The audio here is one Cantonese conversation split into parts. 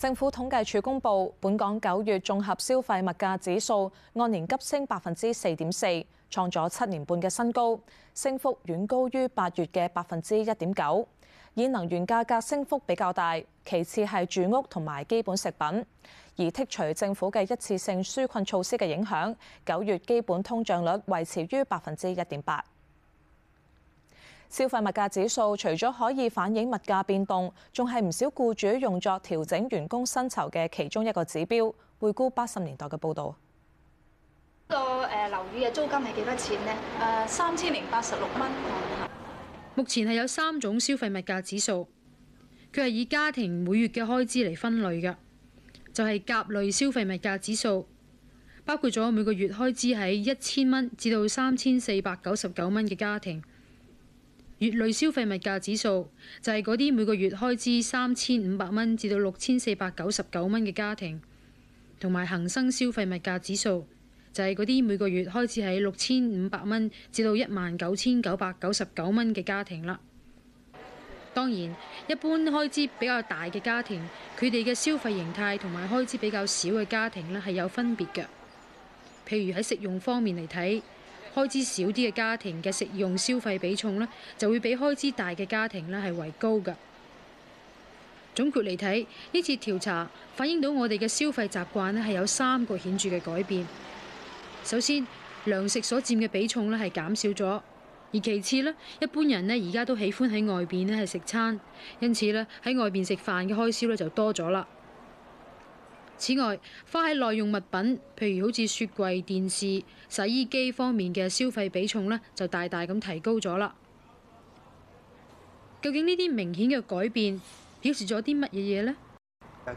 政府統計處公布，本港九月綜合消費物價指數按年急升百分之四點四，創咗七年半嘅新高，升幅遠高於八月嘅百分之一點九。以能源價格升幅比較大，其次係住屋同埋基本食品。而剔除政府嘅一次性紓困措施嘅影響，九月基本通脹率維持於百分之一點八。消費物價指數除咗可以反映物價變動，仲係唔少僱主用作調整員工薪酬嘅其中一個指標。回顧八十年代嘅報導，個誒樓宇嘅租金係幾多錢呢？誒，三千零八十六蚊。目前係有三種消費物價指數，佢係以家庭每月嘅開支嚟分類嘅，就係甲類消費物價指數，包括咗每個月開支喺一千蚊至到三千四百九十九蚊嘅家庭。乙類消費物價指數就係嗰啲每個月開支三千五百蚊至到六千四百九十九蚊嘅家庭，同埋恒生消費物價指數就係嗰啲每個月開支喺六千五百蚊至到一萬九千九百九十九蚊嘅家庭啦。當然，一般開支比較大嘅家庭，佢哋嘅消費形態同埋開支比較少嘅家庭呢係有分別嘅。譬如喺食用方面嚟睇。開支少啲嘅家庭嘅食用消費比重呢，就會比開支大嘅家庭呢係為高㗎。總括嚟睇，呢次調查反映到我哋嘅消費習慣呢係有三個顯著嘅改變。首先，糧食所佔嘅比重呢係減少咗；而其次呢，一般人呢而家都喜歡喺外邊呢係食餐，因此呢，喺外邊食飯嘅開銷呢就多咗啦。此外，花喺耐用物品，譬如好似雪櫃、電視、洗衣機方面嘅消費比重咧，就大大咁提高咗啦。究竟呢啲明顯嘅改變表示咗啲乜嘢嘢咧？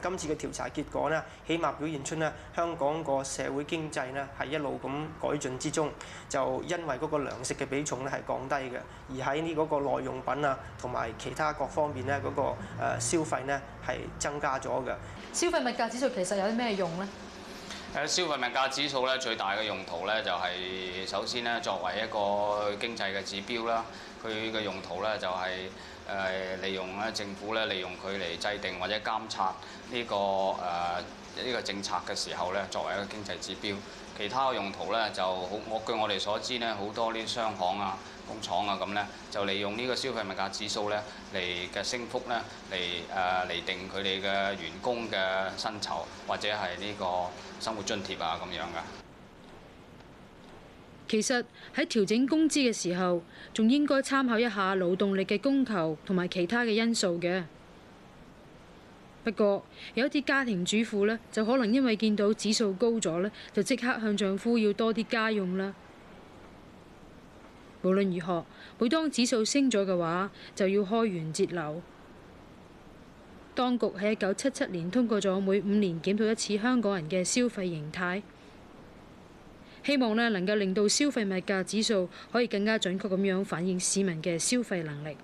今次嘅調查結果呢，起碼表現出呢，香港個社會經濟呢係一路咁改進之中，就因為嗰個糧食嘅比重呢係降低嘅，而喺呢嗰個耐用品啊、同埋其他各方面呢，嗰個誒消費呢係增加咗嘅。消費物價指數其實有啲咩用呢？消費物價指數咧最大嘅用途咧就係首先呢作為一個經濟嘅指標啦。佢嘅用途咧就係誒利用咧政府咧利用佢嚟制定或者監察呢個誒呢個政策嘅時候咧，作為一個經濟指標。其他嘅用途咧就好，我據我哋所知咧，好多啲商行啊、工廠啊咁咧，就利用呢個消費物價指數咧嚟嘅升幅咧嚟誒嚟定佢哋嘅員工嘅薪酬或者係呢個生活津貼啊咁樣噶。其實喺調整工資嘅時候，仲應該參考一下勞動力嘅供求同埋其他嘅因素嘅。不過，有啲家庭主婦呢，就可能因為見到指數高咗呢，就即刻向丈夫要多啲家用啦。無論如何，每當指數升咗嘅話，就要開源節流。當局喺一九七七年通過咗每五年檢討一次香港人嘅消費形態。希望呢能夠令到消費物價指數可以更加準確咁樣反映市民嘅消費能力。